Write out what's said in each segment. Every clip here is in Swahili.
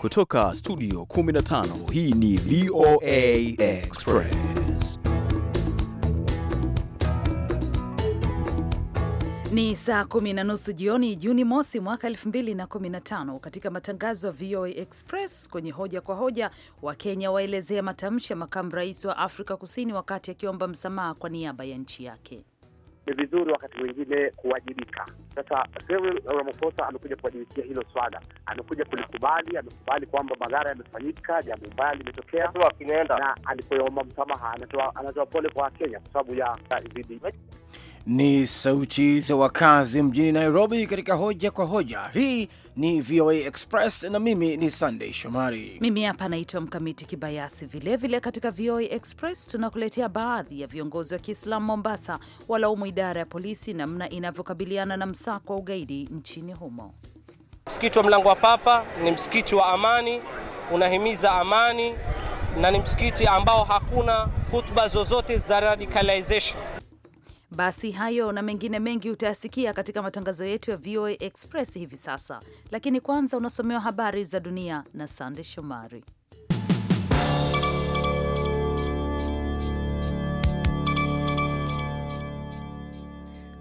Kutoka studio 15 hii ni VOA Express. Ni saa kumi na nusu jioni Juni mosi mwaka 2015. Katika matangazo ya VOA Express kwenye hoja kwa hoja, Wakenya waelezea matamshi ya makamu rais wa Afrika Kusini wakati akiomba msamaha kwa niaba ya nchi yake ni vizuri wakati mwingine kuwajibika. Sasa Cyril Ramaphosa amekuja kuwajibikia hilo swala, amekuja kulikubali, amekubali kwamba madhara yamefanyika, jambo mbaya limetokea, na alipoomba msamaha anatoa pole kwa Wakenya kwa sababu ya zidi. Ni sauti za wakazi mjini Nairobi katika hoja kwa hoja hii ni VOA Express na mimi ni Sunday Shomari. Mimi hapa naitwa Mkamiti Kibayasi. Vilevile katika VOA Express tunakuletea baadhi ya viongozi wa Kiislamu Mombasa walaumu idara ya polisi namna inavyokabiliana na msako wa ugaidi nchini humo. Msikiti wa Mlango wa Papa ni msikiti wa amani, unahimiza amani na ni msikiti ambao hakuna hutuba zozote za radicalization. Basi hayo na mengine mengi utayasikia katika matangazo yetu ya VOA Express hivi sasa, lakini kwanza unasomewa habari za dunia na Sande Shomari.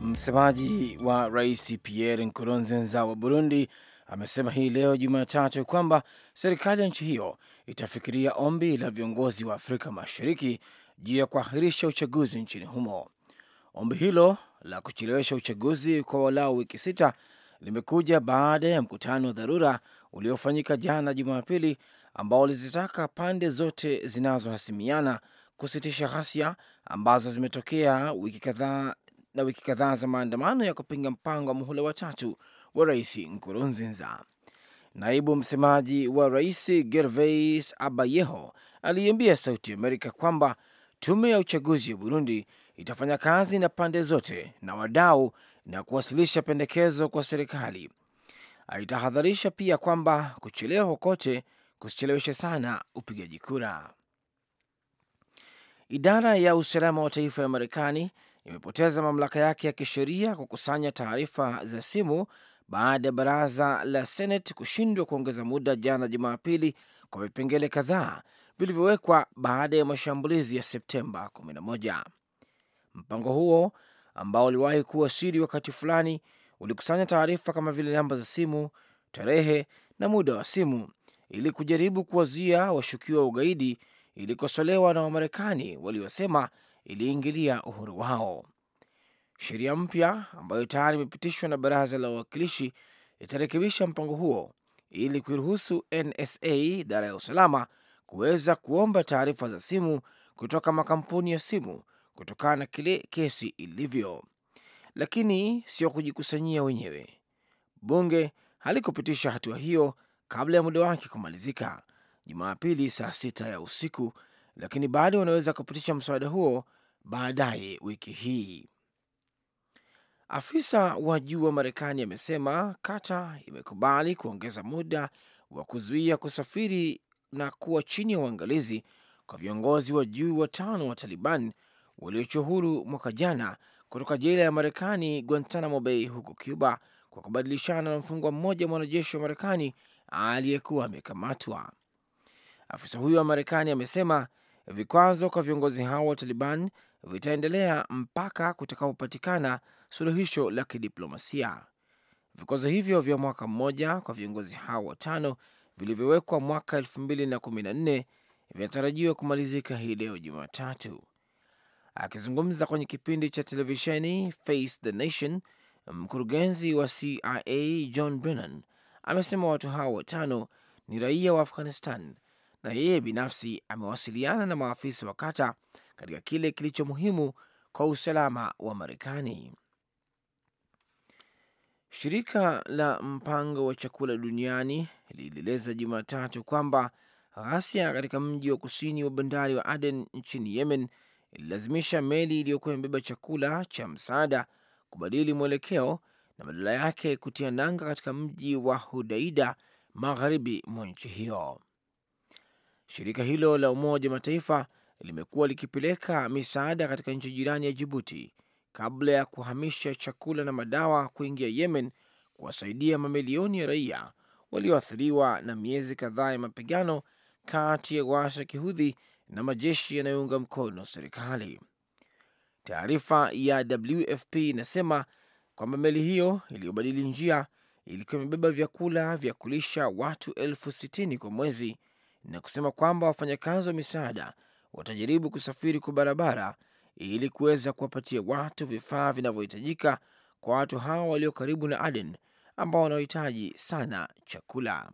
Msemaji wa rais Pierre Nkurunziza wa Burundi amesema hii leo Jumatatu kwamba serikali ya nchi hiyo itafikiria ombi la viongozi wa Afrika Mashariki juu ya kuahirisha uchaguzi nchini humo. Ombi hilo la kuchelewesha uchaguzi kwa walau wiki sita limekuja baada ya mkutano wa dharura uliofanyika jana Jumapili, ambao ulizitaka pande zote zinazohasimiana kusitisha ghasia ambazo zimetokea wiki kadhaa na wiki kadhaa za maandamano ya kupinga mpango wa muhula watatu wa Rais Nkurunziza. Naibu msemaji wa rais Gervais Abayeho aliiambia Sauti Amerika kwamba tume ya uchaguzi ya Burundi itafanya kazi na pande zote na wadau na kuwasilisha pendekezo kwa serikali. Aitahadharisha pia kwamba kuchelewa kote kusicheleweshe sana upigaji kura. Idara ya usalama wa taifa ya Marekani imepoteza mamlaka yake ya kisheria kukusanya taarifa za simu baada ya baraza la Senate kushindwa kuongeza muda jana Jumapili kwa vipengele kadhaa vilivyowekwa baada ya mashambulizi ya Septemba Mpango huo ambao uliwahi kuwa siri wakati fulani ulikusanya taarifa kama vile namba za simu, tarehe na muda wa simu ili kujaribu kuwazuia washukiwa wa ugaidi. Ilikosolewa na Wamarekani waliosema iliingilia uhuru wao. Sheria mpya ambayo tayari imepitishwa na baraza la wawakilishi itarekebisha mpango huo ili kuiruhusu NSA, idara ya usalama, kuweza kuomba taarifa za simu kutoka makampuni ya simu kutokana na kile kesi ilivyo, lakini sio kujikusanyia wenyewe. Bunge halikupitisha hatua hiyo kabla ya muda wake kumalizika Jumapili saa sita ya usiku, lakini bado wanaweza kupitisha mswada huo baadaye wiki hii. Afisa wa juu wa Marekani amesema Kata imekubali kuongeza muda wa kuzuia kusafiri na kuwa chini ya uangalizi kwa viongozi wa juu watano wa Taliban waliochwa huru mwaka jana kutoka jela ya Marekani Guantanamo Bay huko Cuba kwa kubadilishana na mfungwa mmoja mwanajeshi wa Marekani aliyekuwa amekamatwa. Afisa huyo wa Marekani amesema vikwazo kwa viongozi hao wa Taliban vitaendelea mpaka kutakapopatikana suluhisho la kidiplomasia. Vikwazo hivyo vya mwaka mmoja kwa viongozi hao watano vilivyowekwa mwaka 214 vinatarajiwa kumalizika hii leo Jumatatu. Akizungumza kwenye kipindi cha televisheni Face the Nation, mkurugenzi wa CIA John Brennan amesema watu hao watano ni raia wa Afghanistan na yeye binafsi amewasiliana na maafisa wa Kata katika kile kilicho muhimu kwa usalama wa Marekani. Shirika la mpango wa chakula duniani lilieleza Jumatatu kwamba ghasia katika mji wa kusini wa bandari wa Aden nchini Yemen ililazimisha meli iliyokuwa imebeba chakula cha msaada kubadili mwelekeo na badala yake kutia nanga katika mji wa Hudaida magharibi mwa nchi hiyo. Shirika hilo la Umoja Mataifa limekuwa likipeleka misaada katika nchi jirani ya Jibuti kabla ya kuhamisha chakula na madawa kuingia Yemen kuwasaidia mamilioni ya raia walioathiriwa na miezi kadhaa ya mapigano kati ya waasi wa Kihudhi na majeshi yanayounga mkono serikali. Taarifa ya WFP inasema kwamba meli hiyo iliyobadili njia ilikuwa imebeba vyakula vya kulisha watu elfu sitini kwa mwezi na kusema kwamba wafanyakazi wa misaada watajaribu kusafiri kwa barabara ili kuweza kuwapatia watu vifaa vinavyohitajika kwa watu hawa walio karibu na Aden ambao wanaohitaji sana chakula.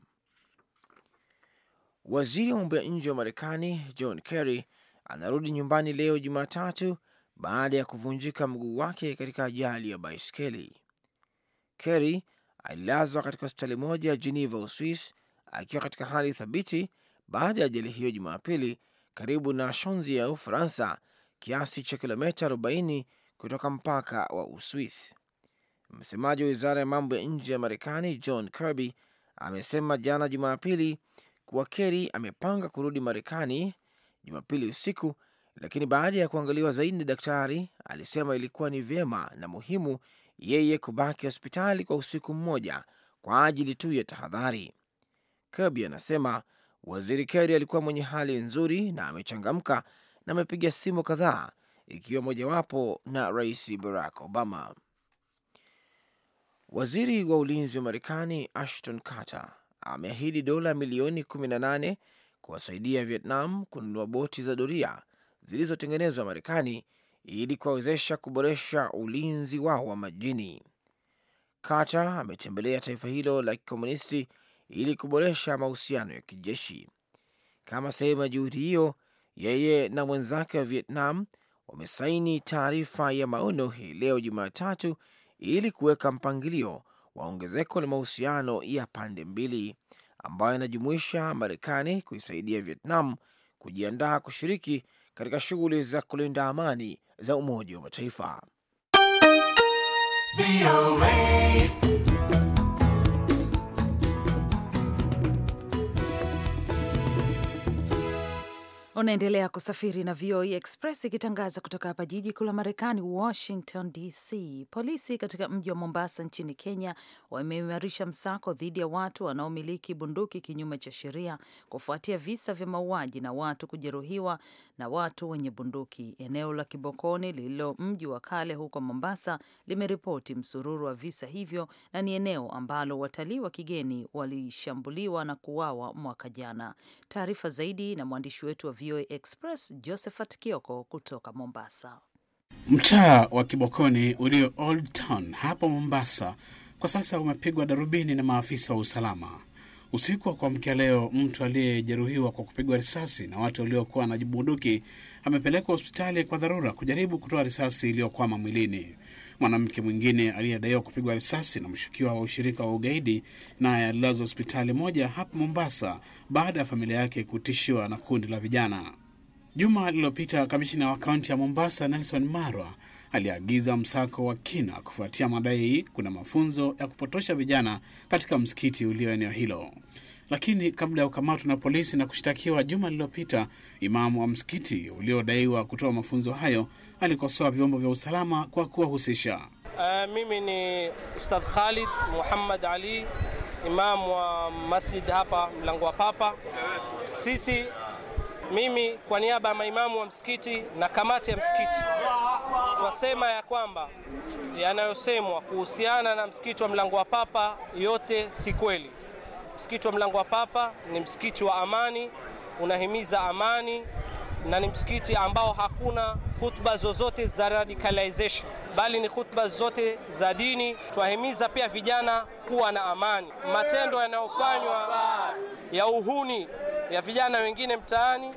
Waziri wa mambo ya nje wa Marekani John Kerry anarudi nyumbani leo Jumatatu baada ya kuvunjika mguu wake katika ajali ya baiskeli. Kerry alilazwa katika hospitali moja ya Geneva, Uswis, akiwa katika hali thabiti baada ya ajali hiyo Jumapili karibu na ya Ufaransa, kiasi cha kilomita 40 kutoka mpaka wa Uswis. Msemaji wa wizara ya mambo ya nje ya Marekani John Kirby amesema jana Jumapili kuwa Kerry amepanga kurudi Marekani Jumapili usiku, lakini baada ya kuangaliwa zaidi na daktari alisema ilikuwa ni vyema na muhimu yeye kubaki hospitali kwa usiku mmoja kwa ajili tu ya tahadhari. Kirby anasema waziri Kerry alikuwa mwenye hali nzuri na amechangamka na amepiga simu kadhaa, ikiwa mojawapo na Rais Barack Obama. Waziri wa ulinzi wa Marekani Ashton Carter ameahidi dola milioni 18 kuwasaidia Vietnam kununua boti za doria zilizotengenezwa Marekani ili kuwawezesha kuboresha ulinzi wao wa majini. Carter ametembelea taifa hilo la kikomunisti ili kuboresha mahusiano ya kijeshi. Kama sehemu ya juhudi hiyo, yeye na mwenzake wa Vietnam wamesaini taarifa ya maono hii leo Jumatatu ili kuweka mpangilio wa ongezeko la mahusiano ya pande mbili ambayo inajumuisha Marekani kuisaidia Vietnam kujiandaa kushiriki katika shughuli za kulinda amani za Umoja wa Mataifa. Unaendelea kusafiri na VOA e Express ikitangaza kutoka hapa jiji kuu la Marekani, Washington DC. Polisi katika mji wa Mombasa nchini Kenya wameimarisha msako dhidi ya watu wanaomiliki bunduki kinyume cha sheria kufuatia visa vya mauaji na watu kujeruhiwa na watu wenye bunduki. Eneo la Kibokoni lililo mji wa kale huko Mombasa limeripoti msururu wa visa hivyo, na ni eneo ambalo watalii wa kigeni walishambuliwa na kuuawa mwaka jana. Taarifa zaidi na mwandishi wetu wa VOA e VOA Express, Josephat Kioko kutoka Mombasa. Mtaa wa Kibokoni ulio Old Town hapo Mombasa kwa sasa umepigwa darubini na maafisa wa usalama. Usiku wa kuamkia leo, mtu aliyejeruhiwa kwa kupigwa risasi na watu waliokuwa na bunduki amepelekwa hospitali kwa dharura kujaribu kutoa risasi iliyokwama mwilini. Mwanamke mwingine aliyedaiwa kupigwa risasi na mshukiwa wa ushirika wa ugaidi naye alilazwa hospitali moja hapa Mombasa baada ya familia yake kutishiwa na kundi la vijana. Juma lililopita, kamishina wa kaunti ya Mombasa Nelson Marwa aliagiza msako wa kina kufuatia madai kuna mafunzo ya kupotosha vijana katika msikiti ulio eneo hilo. Lakini kabla ya kukamatwa na polisi na kushtakiwa juma lililopita, imamu wa msikiti uliodaiwa kutoa mafunzo hayo alikosoa vyombo vya usalama kwa kuwahusisha. Uh, mimi ni Ustadh Khalid Muhammad Ali, imamu wa masjid hapa Mlango wa Papa. Sisi mimi kwa niaba ya maimamu wa msikiti na kamati ya msikiti twasema ya kwamba yanayosemwa kuhusiana na msikiti wa Mlango wa Papa yote si kweli. Msikiti wa Mlango wa Papa ni msikiti wa amani, unahimiza amani na ni msikiti ambao hakuna hutuba zozote za radicalization, bali ni hutuba zote za dini. Twahimiza pia vijana kuwa na amani. Matendo yanayofanywa ya uhuni ya vijana wengine mtaani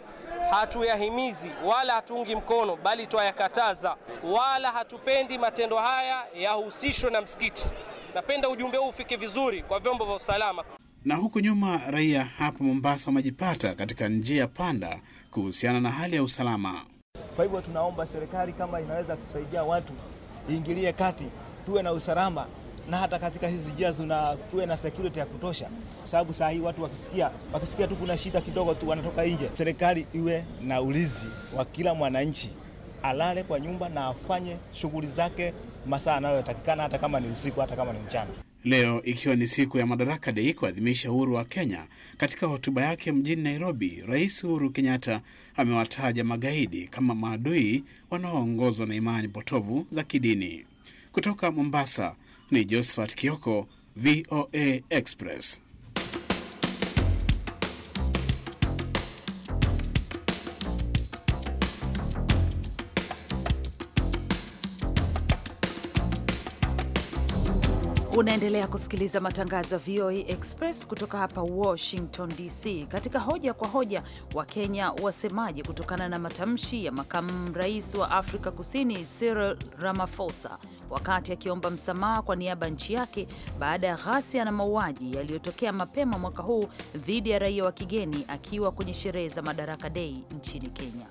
hatuyahimizi wala hatuungi mkono, bali twayakataza, wala hatupendi matendo haya yahusishwe na msikiti. Napenda ujumbe huu ufike vizuri kwa vyombo vya usalama. Na huko nyuma raia hapa Mombasa wamejipata katika njia panda kuhusiana na hali ya usalama. Kwa hivyo tunaomba serikali kama inaweza kusaidia watu iingilie kati, tuwe na usalama na hata katika hizi njia zuna tuwe na security ya kutosha, kwa sababu saa hii watu wakisikia wakisikia tu kuna shida kidogo tu wanatoka nje. Serikali iwe na ulinzi wa kila mwananchi, alale kwa nyumba na afanye shughuli zake masaa anayotakikana, hata kama ni usiku, hata kama ni mchana. Leo ikiwa ni siku ya Madaraka Dei kuadhimisha uhuru wa Kenya, katika hotuba yake mjini Nairobi, Rais Uhuru Kenyatta amewataja magaidi kama maadui wanaoongozwa na imani potovu za kidini. Kutoka Mombasa ni Josephat Kioko, VOA Express. Unaendelea kusikiliza matangazo ya VOA Express kutoka hapa Washington DC. Katika hoja kwa hoja, Wakenya wasemaje kutokana na matamshi ya makamu rais wa Afrika Kusini Cyril Ramaphosa wakati akiomba msamaha kwa niaba nchi yake baada ya ghasia na mauaji yaliyotokea mapema mwaka huu dhidi ya raia wa kigeni akiwa kwenye sherehe za Madaraka Dei nchini Kenya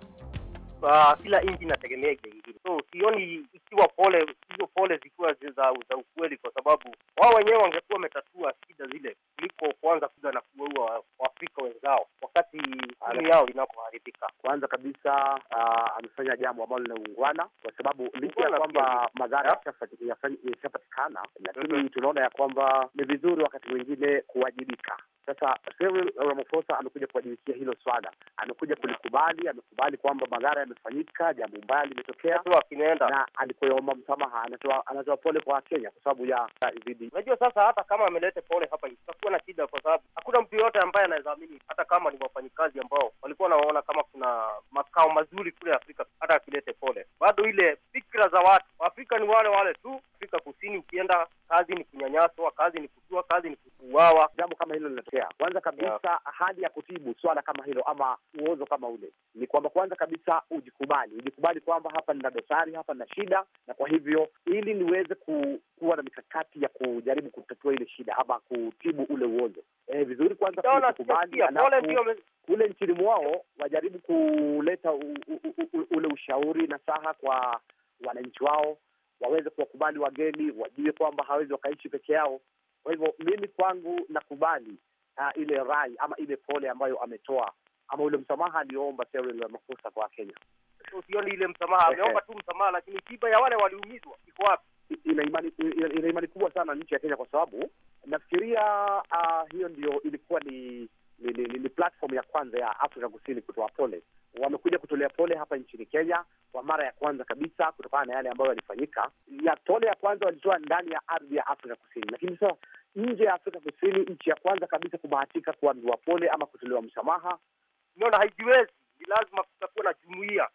uh, kila nchi inategemea ile ingine, so sioni ikiwa pole hizo pole zikiwa za, za ukweli, kwa sababu wao wenyewe wangekuwa wametatua shida zile kuliko kuanza kuja na kuua Waafrika wenzao wakati hali yao inapoharibika. Kwanza kabisa uh, amefanya jambo ambalo linaungwana kwa sababu licha ya kwamba madhara yashapatikana, lakini mm-hmm. tunaona ya kwamba ni vizuri wakati mwingine kuwajibika sasa Cyril Ramaphosa amekuja kuwajibishia hilo swala, amekuja kulikubali, amekubali kwamba madhara yamefanyika, jambo mbaya limetokea, na alikuomba msamaha, anatoa pole kwa Wakenya kwa sababu ya zidi. Unajua, sasa hata kama amelete pole hapa, itakuwa na shida, kwa sababu hakuna mtu yoyote ambaye anawezaamini, hata kama ni wafanyikazi ambao walikuwa wanaona kama kuna makao mazuri kule Afrika. Hata akilete pole, bado ile fikra za watu Waafrika ni wale wale tu. Afrika Kusini ukienda, kazi ni kunyanyaswa, kazi ni kutua, kazi ni kuuawa, jambo kama hilo kutokea. Kwanza kabisa yeah, hali ya kutibu swala kama hilo ama uozo kama ule ni kwamba kwanza kabisa ujikubali, ujikubali kwamba hapa nina dosari, hapa nina shida, na kwa hivyo ili niweze ku, kuwa na mikakati ya kujaribu kutatua ile shida ama kutibu ule uozo e, vizuri kwanza kule nchini mwao wajaribu kuleta u, u, u, u, ule ushauri na saha kwa wananchi wao, waweze kuwakubali wageni, wajue kwamba hawezi wakaishi peke yao. Kwa hivyo mimi kwangu nakubali uh, ile rai ama ile pole ambayo ametoa ama ule msamaha aliyoomba Cyril Ramaphosa kwa Kenya. Usioni ile msamaha ameomba tu msamaha, lakini tiba ya wale waliumizwa iko wapi? Ina imani, ina imani kubwa sana nchi ya Kenya kwa sababu nafikiria uh, hiyo ndio ilikuwa ni ni, ni, ni platform ya kwanza ya Afrika Kusini kutoa pole. Wamekuja kutolea pole hapa nchini Kenya kwa mara ya kwanza kabisa, kutokana na yale ambayo yalifanyika. Ya pole ya kwanza walitoa ndani ya ardhi ya Afrika Kusini, lakini sasa nje ya Afrika Kusini, nchi ya kwanza kabisa kubahatika kuambiwa pole ama kutolewa msamaha. Naona haijiwezi, ni lazima kutakuwa na jumuiya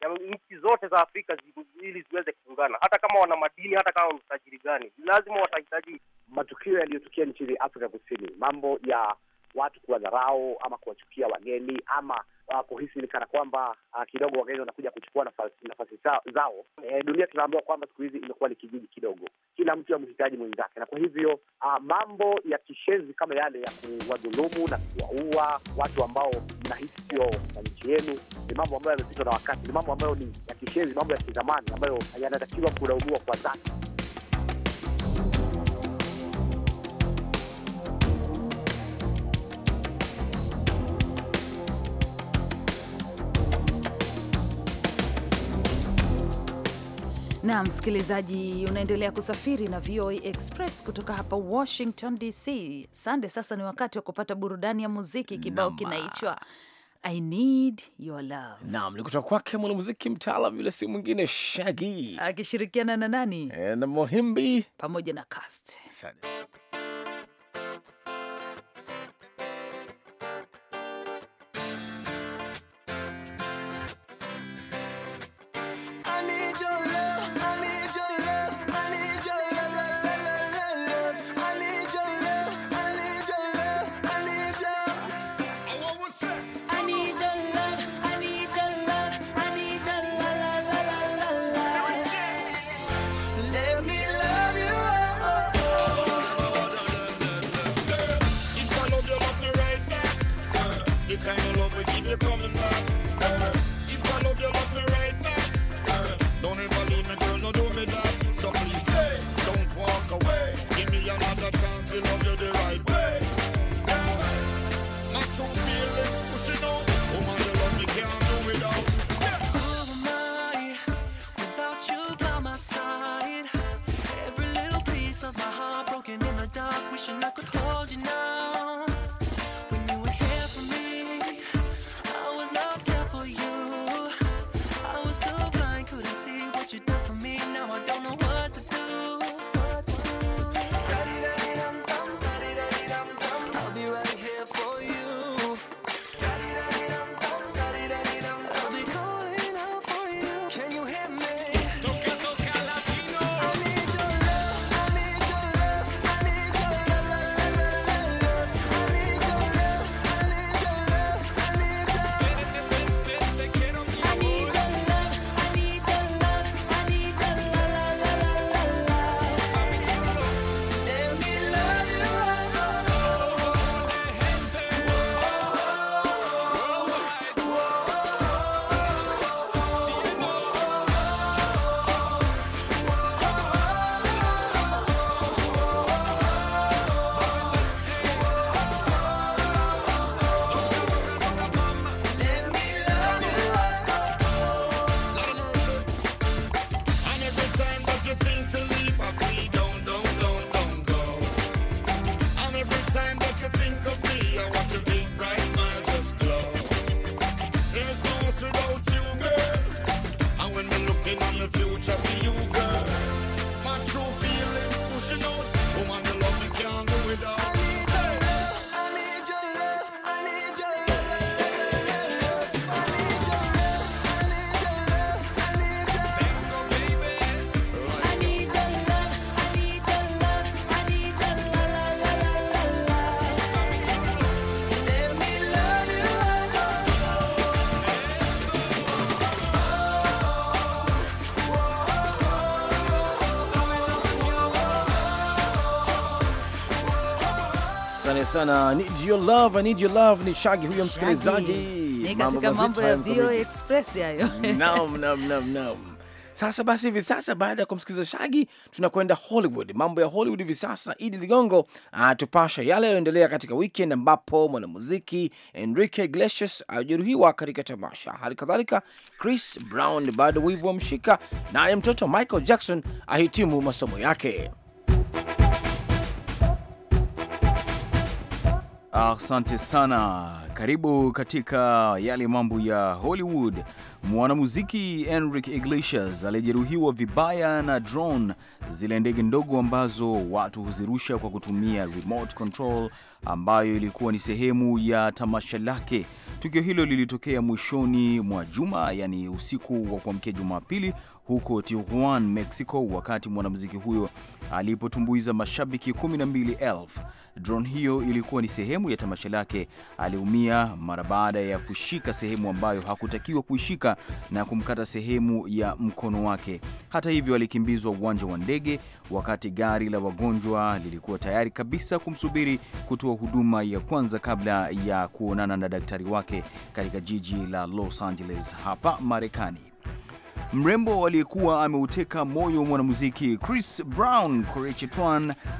ya nchi zote za Afrika ili ziweze kuungana, hata kama wana madini, hata kama mtajiri gani, lazima watahitaji. Matukio yaliyotokea nchini Afrika Kusini, mambo ya watu kuwadharau ama kuwachukia wageni ama uh, kuhisi ni kana kwamba uh, kidogo wageni wanakuja kuchukua nafasi, nafasi zao. E, dunia tunaambiwa kwamba siku hizi imekuwa ni kijiji kidogo, kila mtu amhitaji mwenzake, na kwa hivyo uh, mambo ya kishezi kama yale ya kuwadhulumu na kuwaua watu ambao mnahisi sio na nchi yenu ni mambo ambayo yamepitwa na wakati, ni mambo ambayo ni ya kishezi, mambo ya kizamani ambayo yanatakiwa kulaumiwa kwa dhati. na msikilizaji, unaendelea kusafiri na VOA Express kutoka hapa Washington DC. Sande, sasa ni wakati wa kupata burudani ya muziki. Kibao kinaitwa I need your love. Naam, ni kutoka kwake mwanamuziki mtaalam yule si mwingine Shaggy akishirikiana na nani? E, na Mohimbi pamoja na Cast. Sande. I could hold Asante sana. Need your love, I need your love ni Shaggy huyo msikilizaji. Ni katika mambo ya Express hayo. Naam, naam, naam, naam. Sasa basi, hivi sasa baada ya kumsikiliza Shagi tunakwenda Hollywood. Mambo ya Hollywood hivi sasa, Idi Ligongo atupasha yale yaliyoendelea katika weekend, ambapo mwanamuziki Enrique Iglesias ajeruhiwa katika tamasha. Hali kadhalika Chris Brown bado wivu wa mshika, naye mtoto Michael Jackson ahitimu masomo yake. Asante sana. Karibu katika yale mambo ya Hollywood. Mwanamuziki Enric Iglesias alijeruhiwa vibaya na drone, zile ndege ndogo ambazo watu huzirusha kwa kutumia remote control, ambayo ilikuwa ni sehemu ya tamasha lake. Tukio hilo lilitokea mwishoni mwa juma, yani usiku wa kuamkia Jumapili huko Tijuana, Mexico, wakati mwanamuziki huyo alipotumbuiza mashabiki 12,000. Drone hiyo ilikuwa ni sehemu ya tamasha lake. Aliumia mara baada ya kushika sehemu ambayo hakutakiwa kuishika na kumkata sehemu ya mkono wake. Hata hivyo, alikimbizwa uwanja wa ndege wakati gari la wagonjwa lilikuwa tayari kabisa kumsubiri kutoa huduma ya kwanza kabla ya kuonana na daktari wake katika jiji la Los Angeles hapa Marekani. Mrembo aliyekuwa ameuteka moyo mwanamuziki Chris Brown Chris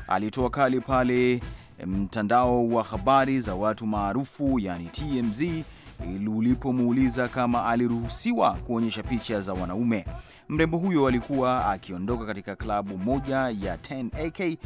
alitoa kali pale mtandao wa habari za watu maarufu yani TMZ ulipomuuliza kama aliruhusiwa kuonyesha picha za wanaume. Mrembo huyo alikuwa akiondoka katika klabu moja ya 10AK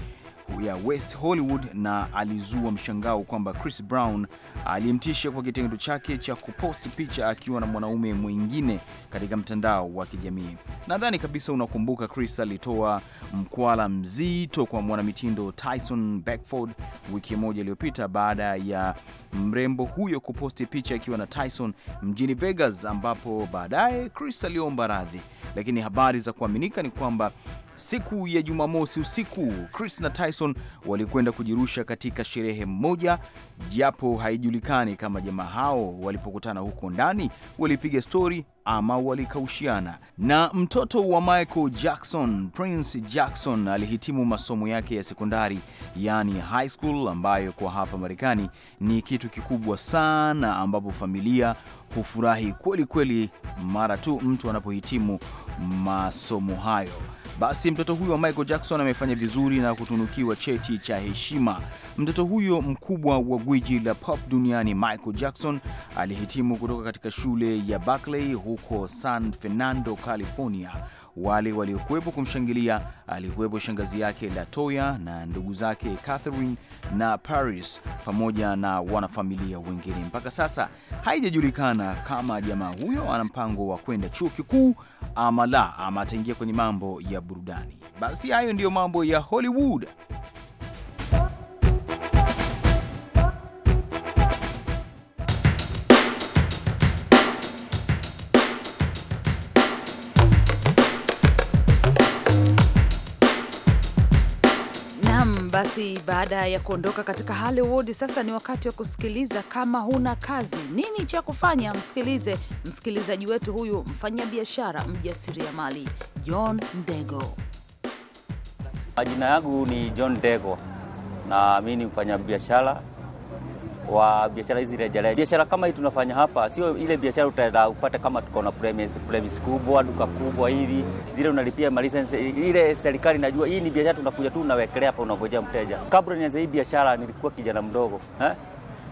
ya West Hollywood na alizua mshangao kwamba Chris Brown alimtisha kwa kitendo chake cha kupost picha akiwa na mwanaume mwingine katika mtandao wa kijamii. Nadhani kabisa unakumbuka, Chris alitoa mkwala mzito kwa mwanamitindo Tyson Beckford wiki moja iliyopita baada ya mrembo huyo kuposti picha akiwa na Tyson mjini Vegas, ambapo baadaye Chris aliomba radhi, lakini habari za kuaminika ni kwamba Siku ya Jumamosi usiku Chris na Tyson walikwenda kujirusha katika sherehe moja, japo haijulikani kama jamaa hao walipokutana huko ndani walipiga stori ama walikaushiana. Na mtoto wa Michael Jackson, Prince Jackson, alihitimu masomo yake ya sekondari, yaani high school, ambayo kwa hapa Marekani ni kitu kikubwa sana, ambapo familia hufurahi kweli kweli mara tu mtu anapohitimu masomo hayo. Basi mtoto huyo wa Michael Jackson amefanya vizuri na kutunukiwa cheti cha heshima. Mtoto huyo mkubwa wa gwiji la pop duniani Michael Jackson alihitimu kutoka katika shule ya Berkeley huko San Fernando, California wale waliokuwepo kumshangilia alikuwepo shangazi yake Latoya na ndugu zake Catherine na Paris pamoja na wanafamilia wengine. Mpaka sasa haijajulikana kama jamaa huyo ana mpango wa kwenda chuo kikuu ama la, ama ataingia kwenye mambo ya burudani. Basi hayo ndiyo mambo ya Hollywood. basi baada ya kuondoka katika Hollywood, sasa ni wakati wa kusikiliza. Kama huna kazi, nini cha kufanya? Msikilize msikilizaji wetu huyu, mfanyabiashara mjasiriamali John Ndego. Majina yangu ni John Ndego na mi ni mfanyabiashara wa biashara hizi rejareja. Biashara kama hii tunafanya hapa sio ile biashara utaenda upate kama tuko na premise kubwa, duka kubwa hivi, zile unalipia malisense, ile serikali najua hii ni biashara, tunakuja tu unawekelea hapa, unavojea mteja. Kabla nianze hii biashara nilikuwa kijana mdogo eh?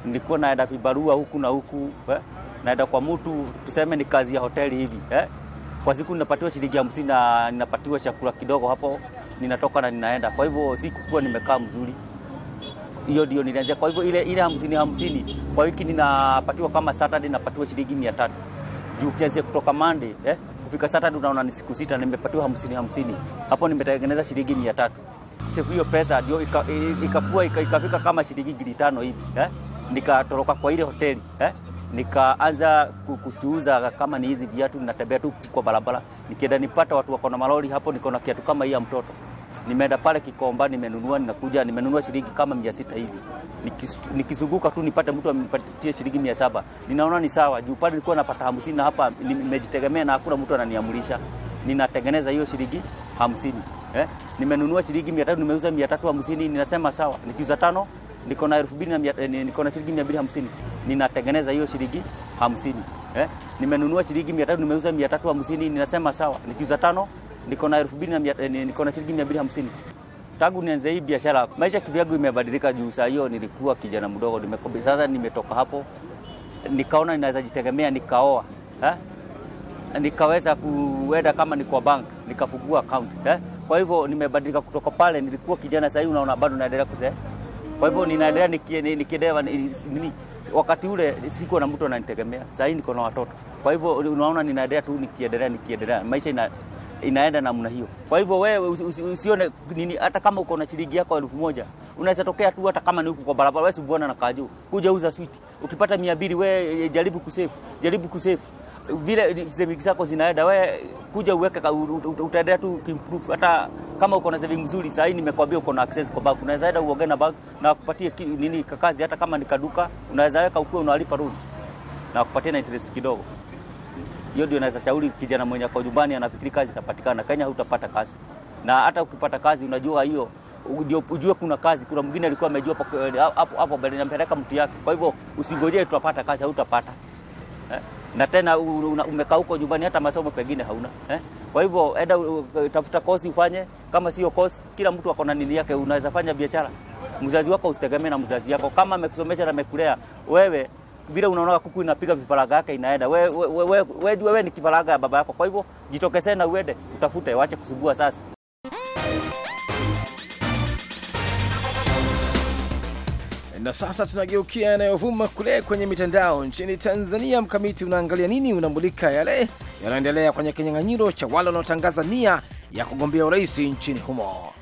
nilikuwa naenda vibarua huku na huku eh? naenda kwa mtu tuseme ni kazi ya hoteli hivi eh? kwa siku ninapatiwa shilingi hamsini na ninapatiwa chakula kidogo hapo, ninatoka na ninaenda. Kwa hivyo sikukuwa nimekaa mzuri hiyo ndio nilianzia. Kwa hivyo ile ile hamsini hamsini kwa wiki ninapatiwa kama Saturday napatiwa shilingi mia tatu juu kianzia kutoka Monday eh, kufika Saturday unaona ni siku sita, nimepatiwa hamsini hamsini hapo nimetengeneza shilingi mia tatu Sifu hiyo pesa ndio ikakua ikafika kama shilingi gili tano hivi eh, nikatoroka kwa ile hoteli eh, nikaanza kuchuuza kama ni hizi viatu, ninatembea tu kwa barabara, nikienda nipata watu wako na malori hapo, niko na kiatu kama hii ya mtoto nimeenda pale Kikomba, nimenunua, ninakuja, nimenunua shilingi kama mia sita hivi. Nikizunguka tu nipate mtu amenipatie shilingi mia saba ninaona ni sawa, juu pale nilikuwa napata hamsini na hapa nimejitegemea na hakuna mtu ananiamulisha. Ninatengeneza hiyo shilingi hamsini eh? Nimenunua shilingi mia tatu nimeuza mia tatu hamsini ninasema sawa, nikiuza tano niko na elfu mbili na mia, eh, niko na shilingi mia mbili hamsini ninatengeneza hiyo shilingi hamsini eh? Nimenunua shilingi mia tatu nimeuza mia tatu hamsini ninasema sawa, nikiuza tano niko na elfu mbili eh, niko na shilingi mia mbili hamsini. Tangu nianze hii biashara, maisha kivyangu imebadilika juu. Saa hiyo nilikuwa kijana mdogo, nimekombe. Sasa nimetoka hapo, nikaona ninaweza jitegemea, nikaoa eh? nikaweza kuenda kama ni kwa bank, nikafungua account eh? Kwa hivyo nimebadilika kutoka pale nilikuwa kijana, sasa hivi unaona bado naendelea kuzee. Kwa hivyo ninaendelea nikiendelea nini, wakati ule siko na mtu ananitegemea, sasa hii niko na watoto. Kwa hivyo unaona ninaendelea tu nikiendelea nikiendelea, maisha ina inaenda namna hiyo. Kwa hivyo wewe usione nini, hata kama uko na shilingi yako elfu moja unaweza tokea tu, hata kama ni huko kwa barabara, wewe usiona na kaju kuja uza switch, ukipata 200 wewe eh, jaribu kusave, jaribu kusave vile savings zako zinaenda, wewe kuja uweke, utaendelea tu kuimprove. Hata kama uko na savings nzuri, sasa hii nimekwambia uko na access kwa bank, unaweza enda uoge na bank na kupatia nini kakazi, hata kama ni kaduka unaweza weka, ukiwa unalipa rudi na kupatia na interest kidogo. Hiyo ndio naweza shauri kijana mwenye kwa nyumbani anafikiri kazi itapatikana. Kenya hutapata kazi, na hata ukipata kazi, unajua hiyo ndio ujue kuna kazi. Kuna mwingine alikuwa amejua eh, hapo hapo anapeleka mtu yake. Kwa hivyo usingojee tutapata kazi, hautapata eh? na tena umekaa huko nyumbani, hata masomo pengine hauna eh? Kwa hivyo enda tafuta kosi ufanye, kama sio kosi, kila mtu ako na nini yake. Unaweza fanya biashara, mzazi wako usitegemee na mzazi yako, kama amekusomesha na amekulea wewe vile unaona kuku inapiga vifaranga yake inaenda. We, we, we, we, we, we ni kifaranga ya baba yako, kwa hivyo jitokeze na uende utafute, wache kusugua sasa. Na sasa tunageukia yanayovuma kule kwenye mitandao nchini Tanzania. Mkamiti, unaangalia nini? Unamulika yale yanaendelea kwenye kinyang'anyiro cha wale wanaotangaza nia ya kugombea urais nchini humo.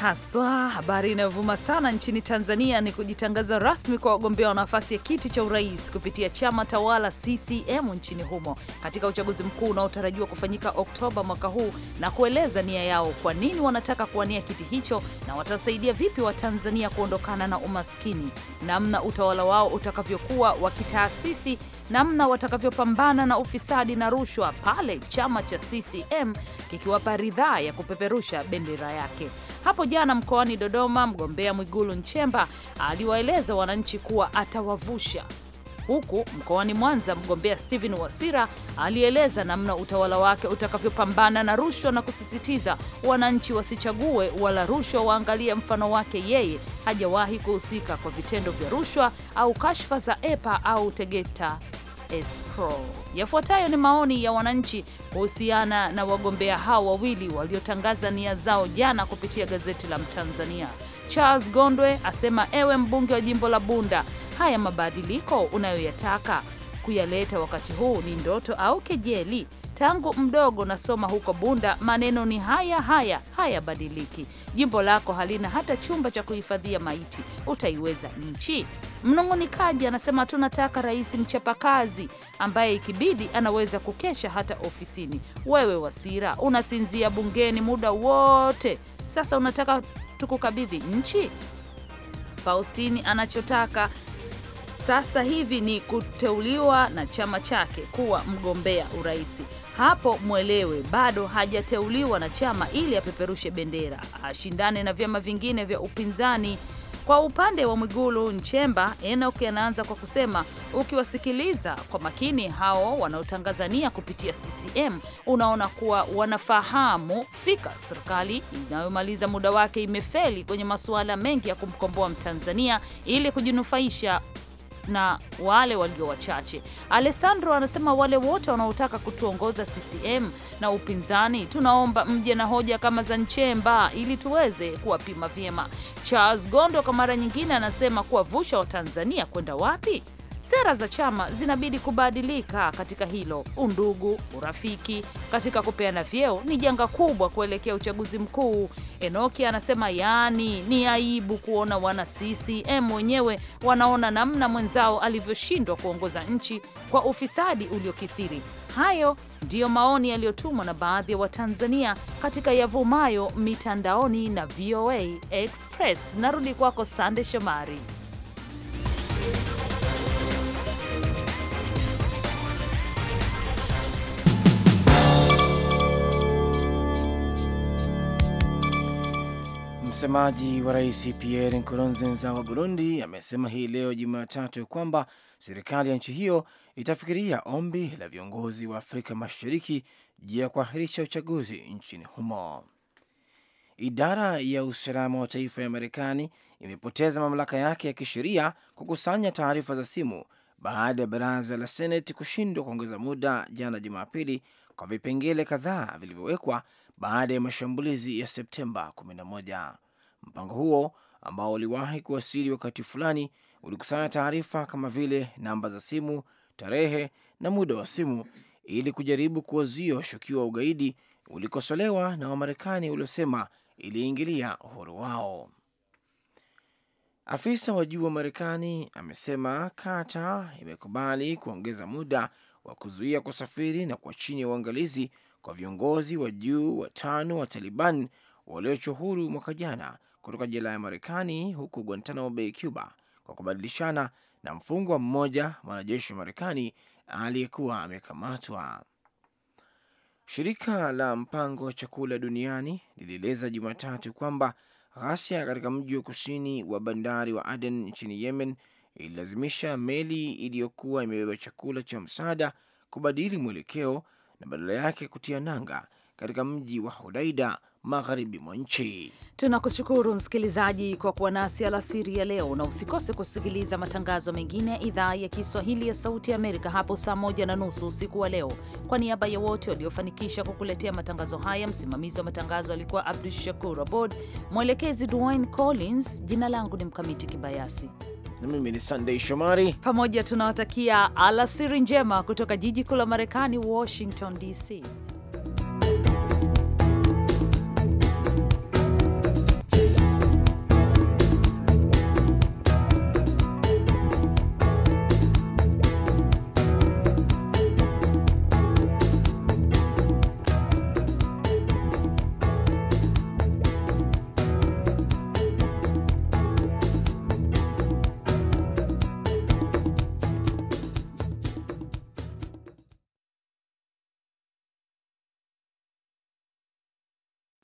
Haswa habari inayovuma sana nchini Tanzania ni kujitangaza rasmi kwa wagombea wa nafasi ya kiti cha urais kupitia chama tawala CCM nchini humo katika uchaguzi mkuu unaotarajiwa kufanyika Oktoba mwaka huu na kueleza nia yao, kwa nini wanataka kuwania kiti hicho na watasaidia vipi Watanzania kuondokana na umaskini, namna utawala wao utakavyokuwa wa kitaasisi namna watakavyopambana na ufisadi na rushwa pale chama cha CCM kikiwapa ridhaa ya kupeperusha bendera yake. Hapo jana mkoani Dodoma, mgombea Mwigulu Nchemba aliwaeleza wananchi kuwa atawavusha huku mkoani Mwanza mgombea Stephen Wasira alieleza namna utawala wake utakavyopambana na rushwa na kusisitiza wananchi wasichague wala rushwa, waangalie mfano wake yeye. Hajawahi kuhusika kwa vitendo vya rushwa au kashfa za EPA au Tegeta Escrow. Yafuatayo ni maoni ya wananchi kuhusiana na wagombea hao wawili waliotangaza nia zao jana kupitia gazeti la Mtanzania. Charles Gondwe asema, ewe mbunge wa jimbo la Bunda, haya mabadiliko unayoyataka kuyaleta wakati huu ni ndoto au kejeli? Tangu mdogo nasoma huko Bunda, maneno ni haya haya hayabadiliki. Jimbo lako halina hata chumba cha kuhifadhia maiti, utaiweza nchi? Mnung'unikaji anasema tunataka rais mchapakazi ambaye ikibidi anaweza kukesha hata ofisini. Wewe Wasira unasinzia bungeni muda wote, sasa unataka tukukabidhi nchi? Faustini anachotaka sasa hivi ni kuteuliwa na chama chake kuwa mgombea uraisi hapo mwelewe bado hajateuliwa na chama ili apeperushe bendera, ashindane na vyama vingine vya upinzani. Kwa upande wa Mwigulu Nchemba, Enoch anaanza kwa kusema, ukiwasikiliza kwa makini hao wanaotangazania kupitia CCM unaona kuwa wanafahamu fika serikali inayomaliza muda wake imefeli kwenye masuala mengi ya kumkomboa Mtanzania ili kujinufaisha na wale walio wachache. Alessandro anasema wale wote wanaotaka kutuongoza CCM na upinzani, tunaomba mje na hoja kama za Nchemba ili tuweze kuwapima vyema. Charles Gondo kwa mara nyingine anasema kuwavusha Watanzania kwenda wapi? Sera za chama zinabidi kubadilika katika hilo. Undugu, urafiki katika kupeana vyeo ni janga kubwa kuelekea uchaguzi mkuu. Enoki anasema yaani, ni aibu kuona wana CCM wenyewe wanaona namna mwenzao alivyoshindwa kuongoza nchi kwa ufisadi uliokithiri. Hayo ndiyo maoni yaliyotumwa na baadhi ya wa Watanzania katika yavumayo mitandaoni na VOA Express. Narudi kwako Sande Shomari. Msemaji wa rais Pierre Nkurunziza wa Burundi amesema hii leo Jumatatu kwamba serikali ya nchi hiyo itafikiria ombi la viongozi wa Afrika Mashariki juu ya kuahirisha uchaguzi nchini humo. Idara ya usalama wa taifa ya Marekani imepoteza mamlaka yake ya kisheria kukusanya taarifa za simu baada ya baraza la Seneti kushindwa kuongeza muda jana Jumapili kwa vipengele kadhaa vilivyowekwa baada ya mashambulizi ya Septemba Mpango huo ambao uliwahi kuwasili wakati fulani ulikusanya taarifa kama vile namba za simu, tarehe na muda wa simu ili kujaribu kuwazuia washukiwa wa ugaidi, ulikosolewa na Wamarekani waliosema iliingilia uhuru wao. Afisa wa juu wa Marekani amesema Kata imekubali kuongeza muda wa kuzuia kusafiri na kwa chini ya uangalizi kwa viongozi wa juu watano wa Taliban huru mwaka jana kutoka jela ya Marekani huku Guantanamo Bay, Cuba, kwa kubadilishana na mfungwa mmoja mwanajeshi wa Marekani aliyekuwa amekamatwa. Shirika la mpango wa chakula duniani lilieleza Jumatatu kwamba ghasia katika mji wa kusini wa bandari wa Aden nchini Yemen ililazimisha meli iliyokuwa imebeba chakula cha msaada kubadili mwelekeo na badala yake kutia nanga katika mji wa Hodeida magharibi mwa nchi. Tunakushukuru msikilizaji kwa kuwa nasi alasiri ya leo, na usikose kusikiliza matangazo mengine ya idhaa ya Kiswahili ya Sauti ya Amerika hapo saa moja na nusu usiku wa leo. Kwa niaba ya wote waliofanikisha kukuletea matangazo haya, msimamizi wa matangazo alikuwa Abdu Shakur Abod, mwelekezi Dwayne Collins. Jina langu ni Mkamiti Kibayasi na mimi ni Sunday Shomari. Pamoja tunawatakia alasiri njema kutoka jiji kuu la Marekani, Washington DC.